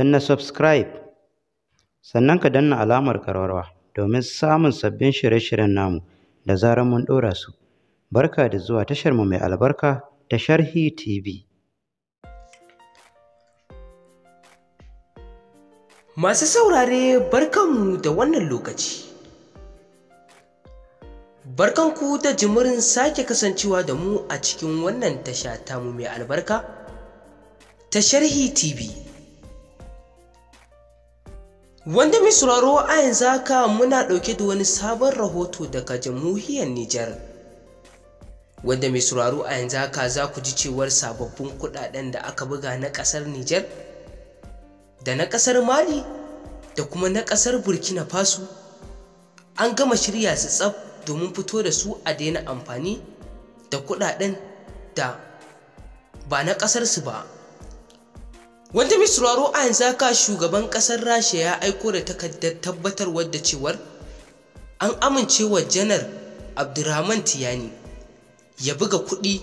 na subscribe sannan ka danna alamar karwarwa domin samun sabbin shirye-shiryen namu da zarar mun ɗora su barka da zuwa tashar mu mai albarka ta sharhi tv masu saurare barkanmu da wannan lokaci barkanku da jimirin sake kasancewa da mu a cikin wannan tasha tamu mai albarka ta sharhi tv Wanda mai sauraro a yanzu haka muna ɗauke da wani sabon rahoto daga jamhuriyar Nijar. Wanda mai sauraro a yanzu haka za ku ji cewar sababbin kuɗaɗen da aka buga na ƙasar Nijar, da na ƙasar Mali, da kuma na ƙasar Burkina Faso, an gama shirya su tsaf domin fito da su a daina amfani da kuɗaɗen da ba na ƙasarsu ba. wanda mai sauraro a yanzu haka shugaban kasar rasha ya aiko da takardar tabbatarwar da cewar an amincewa janar abdurrahman tiyani ya buga kuɗi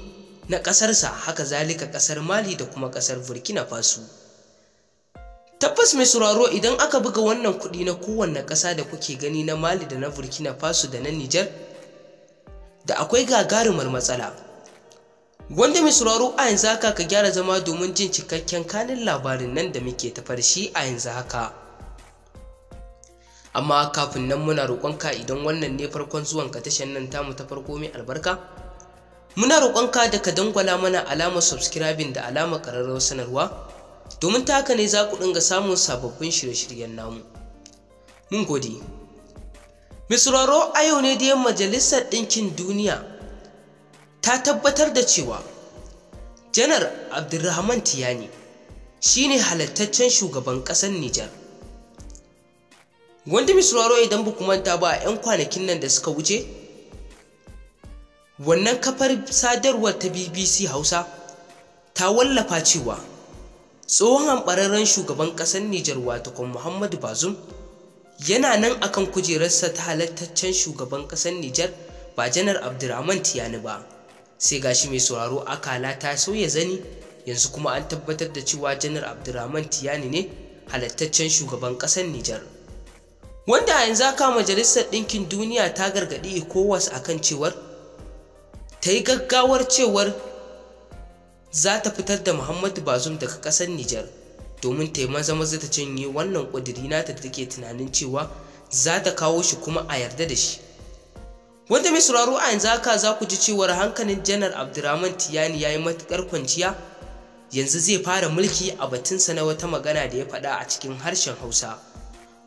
na ƙasarsa haka zalika ƙasar mali da kuma ƙasar burkina faso tabbas mai sauraro idan aka buga wannan kuɗi na kowanne ƙasa da kuke gani na mali da na burkina faso da na nijar da akwai gagarumar matsala Wanda mai sauraro a yanzu haka ka gyara zama domin jin cikakken kanin labarin nan da muke ta farshi a yanzu haka. Amma kafin nan muna roƙonka idan wannan ne farkon zuwan ka tashan nan tamu ta farko mai albarka. Muna roƙonka da ka dangwala mana alamar subscribing da alamar ƙararrawar sanarwa domin ta haka ne za ku dinga samun sababbin shirye-shiryen namu. Mun gode. Mai sauraro a yau ne da majalisar ɗinkin duniya ta tabbatar da cewa janar abdulrahman tiyani shine halittaccen shugaban ƙasar nijar wanda mai sauraro idan ba manta ba 'yan kwanakin nan da suka wuce wannan kafar sadarwar ta bbc hausa ta wallafa cewa tsohon ambararren shugaban ƙasar nijar watakon muhammadu bazum yana nan akan kujerarsa ta halittaccen shugaban ƙasar nijar ba janar Abdurrahman tiyani ba sai gashi mai sauraro akala ta sauya zani yanzu kuma an tabbatar da cewa janar abdurrahman tiyani ne halattaccen shugaban ƙasar nijar wanda a yanzu aka majalisar ɗinkin duniya ta gargaɗi ecowas akan cewar ta yi gaggawar cewar za ta fitar da muhammadu bazum daga ƙasar nijar domin ta yi maza maza ta cinye wannan ƙudiri nata da take tunanin cewa za ta kawo shi kuma a yarda da shi wanda mai sauraro a yanzu haka za ku ji cewar hankalin janar abdurrahman tiyani ya yi matuƙar kwanciya yanzu zai fara mulki a batunsa na wata magana da ya faɗa a cikin harshen hausa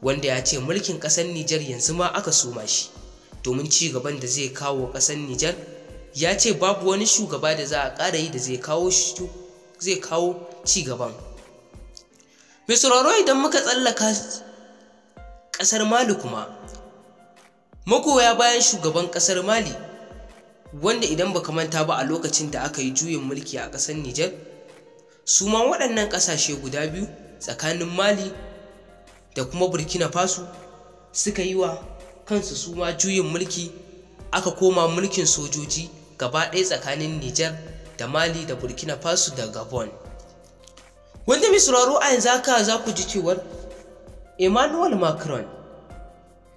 wanda ya ce mulkin ƙasar nijar yanzu ma aka soma shi domin ci gaban da zai kawo ƙasar nijar ya ce babu wani shugaba da za a ƙara yi da zai kawo ci gaban mai sauraro idan muka tsallaka ƙasar malu kuma magoya bayan shugaban kasar mali wanda idan baka manta ba a lokacin da aka yi juyin mulki a kasar nijar su ma waɗannan ƙasashe guda biyu tsakanin mali da kuma burkina faso suka yi wa kansu su ma juyin mulki aka koma mulkin sojoji gaba ɗaya tsakanin nijar da mali da burkina faso da gabon wanda mai sauraro a yanzu haka za ku ji cewar emmanuel macron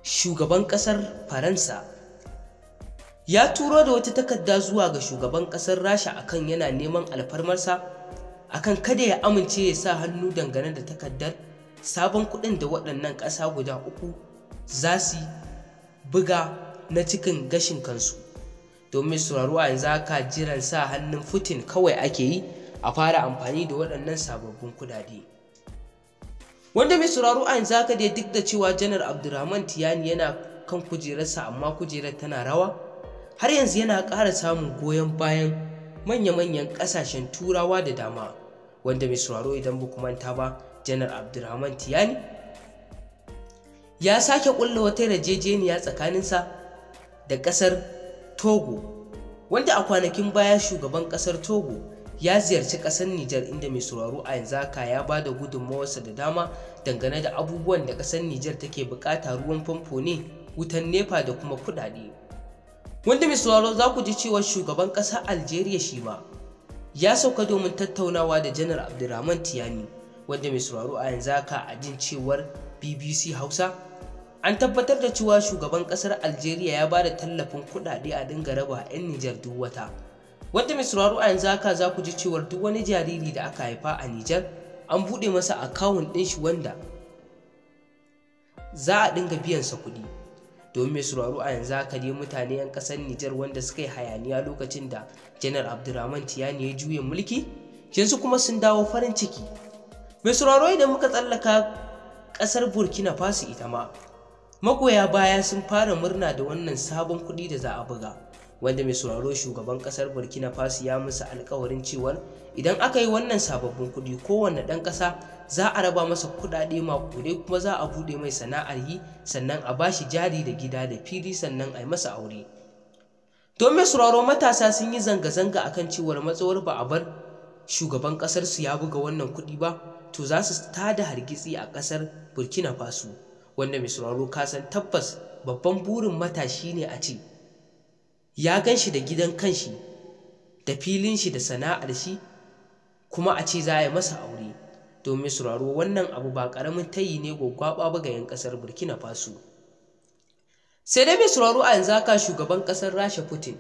shugaban kasar faransa ya turo da wata takarda zuwa ga shugaban kasar rasha akan yana neman alfarmarsa akan kada ya amince ya sa hannu dangane da takardar sabon kuɗin da waɗannan ƙasa guda uku za su buga na cikin gashin kansu domin sauraro a yanzu haka jiran sa hannun putin kawai ake yi a fara amfani da waɗannan sababbin kudade. wanda mai sauraro a yanzu haka dai duk da cewa janar abdurrahman tiyani yana kan kujerarsa amma kujerar tana rawa har yanzu yana ƙara samun goyon bayan manya-manyan ƙasashen turawa da dama wanda mai sauraro idan ba manta ba janar abdurrahman tiyani ya sake ƙulla wata yarjejeniya tsakaninsa da ƙasar togo wanda a kwanakin baya shugaban ƙasar togo ya ziyarci ƙasar Nijar inda mai sauraro a yanzu haka ya ba da gudunmawarsa da dama dangane da abubuwan da ƙasar Nijar take bukata ruwan famfo ne, wutan Nepa da kuma kuɗaɗe. Wanda mai sauraro za ku ji cewa shugaban ƙasar Algeria shi ma ya sauka domin tattaunawa da Janar Abdulrahman Tiyani wanda mai sauraro a yanzu haka a jin cewar BBC Hausa an tabbatar da cewa shugaban ƙasar Algeria ya ba da tallafin kuɗaɗe a dinga raba 'yan Nijar duk wata. Wanda mai sauraro a yanzu haka za ku ji cewar duk wani jariri da aka haifa a Nijar an buɗe masa akawun ɗin shi wanda za a dinga sa kuɗi. Domin mai sauraro a yanzu haka dai mutane 'yan ƙasar Nijar wanda suka yi hayaniya lokacin da Janar Abdulrahman Tiyani ya juya mulki yanzu kuma sun dawo farin ciki. Mai sauraro idan muka tsallaka ƙasar Burkina Faso ita ma magoya baya sun fara murna da wannan sabon kuɗi da za a buga. wanda mai sauraro shugaban kasar burkina faso ya musu alkawarin cewa idan aka yi wannan sababbin kuɗi kowane ɗan ƙasa za a raba masa kuɗaɗe maƙudai kuma za a buɗe mai sana'ar yi sannan a bashi jari da gida da fili sannan a yi masa aure to mai sauraro matasa sun yi zanga-zanga akan cewar matsawar ba a bar shugaban ƙasar su ya buga wannan kuɗi ba to za su tada hargitsi a ƙasar burkina faso wanda mai sauraro kasan tabbas babban burin matashi ne a ce ya gan shi da gidan kanshi da filin shi da sana'ar shi kuma a ce za a yi masa aure domin sauraro wannan abu ba ƙaramin tayi ne gwaggwaɓa ba ga 'yan ƙasar burkina faso sai dai mai sauraro a yanzu haka shugaban ƙasar rasha putin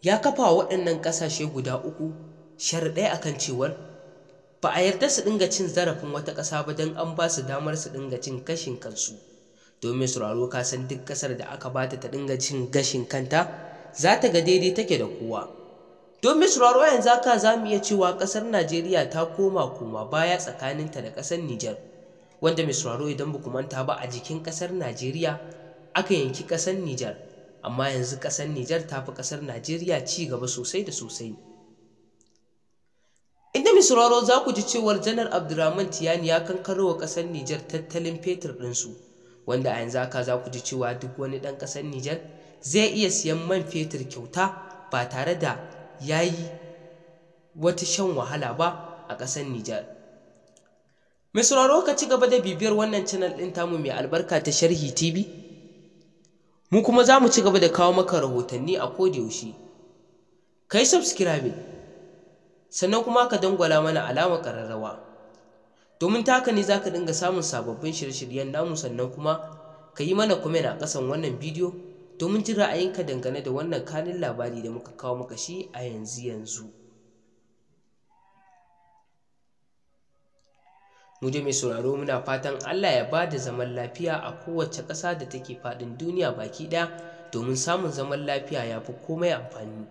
ya kafa wa waɗannan ƙasashe guda uku a kan cewar ba a yarda su dinga cin zarafin wata ƙasa ba don an ba su damar su dinga cin gashin kansu domin sauraro ka san duk ƙasar da aka bata ta dinga cin gashin kanta za ta ga daidai take da kowa don misrarwa yanzu haka za mu iya cewa ƙasar najeriya ta koma koma baya tsakaninta da ƙasar nijar wanda misrarwa idan ba manta ba a jikin ƙasar najeriya aka yanki ƙasar nijar amma yanzu ƙasar nijar ta fi ƙasar najeriya ci gaba sosai da sosai inda misrarwa za ku ji cewar janar abdurrahman tiyani ya kankaro wa ƙasar nijar tattalin fetur ɗinsu wanda a yanzu haka za ku ji cewa duk wani ɗan ƙasar nijar zai iya siyan man fetur kyauta ba tare da ya yi wata shan wahala ba a ƙasar Nijar. Mai sauraro ka ci gaba da bibiyar wannan canal ɗin tamu mai albarka ta Sharhi TV? Mu kuma za mu ci gaba da kawo maka rahotanni a yaushe. Ka yi subscribing, sannan kuma ka dangwala mana alamar ƙararrawa. Domin taka ne za ka dinga samun sababbin shirye-shiryen namu sannan kuma ka yi mana kwamen a ƙasan wannan bidiyo domin jin ra'ayinka dangane da wannan kanin labari da muka kawo maka shi a yanzu yanzu mu je mai sauraro muna fatan Allah ya ba da zaman lafiya a kowace ƙasa da take faɗin duniya baki ɗaya domin samun zaman lafiya ya fi komai amfani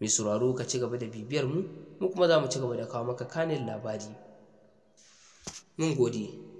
mai sauraro ka ci gaba da bibiyar mu mu kuma za mu ci gaba da kawo maka kanin labari mun gode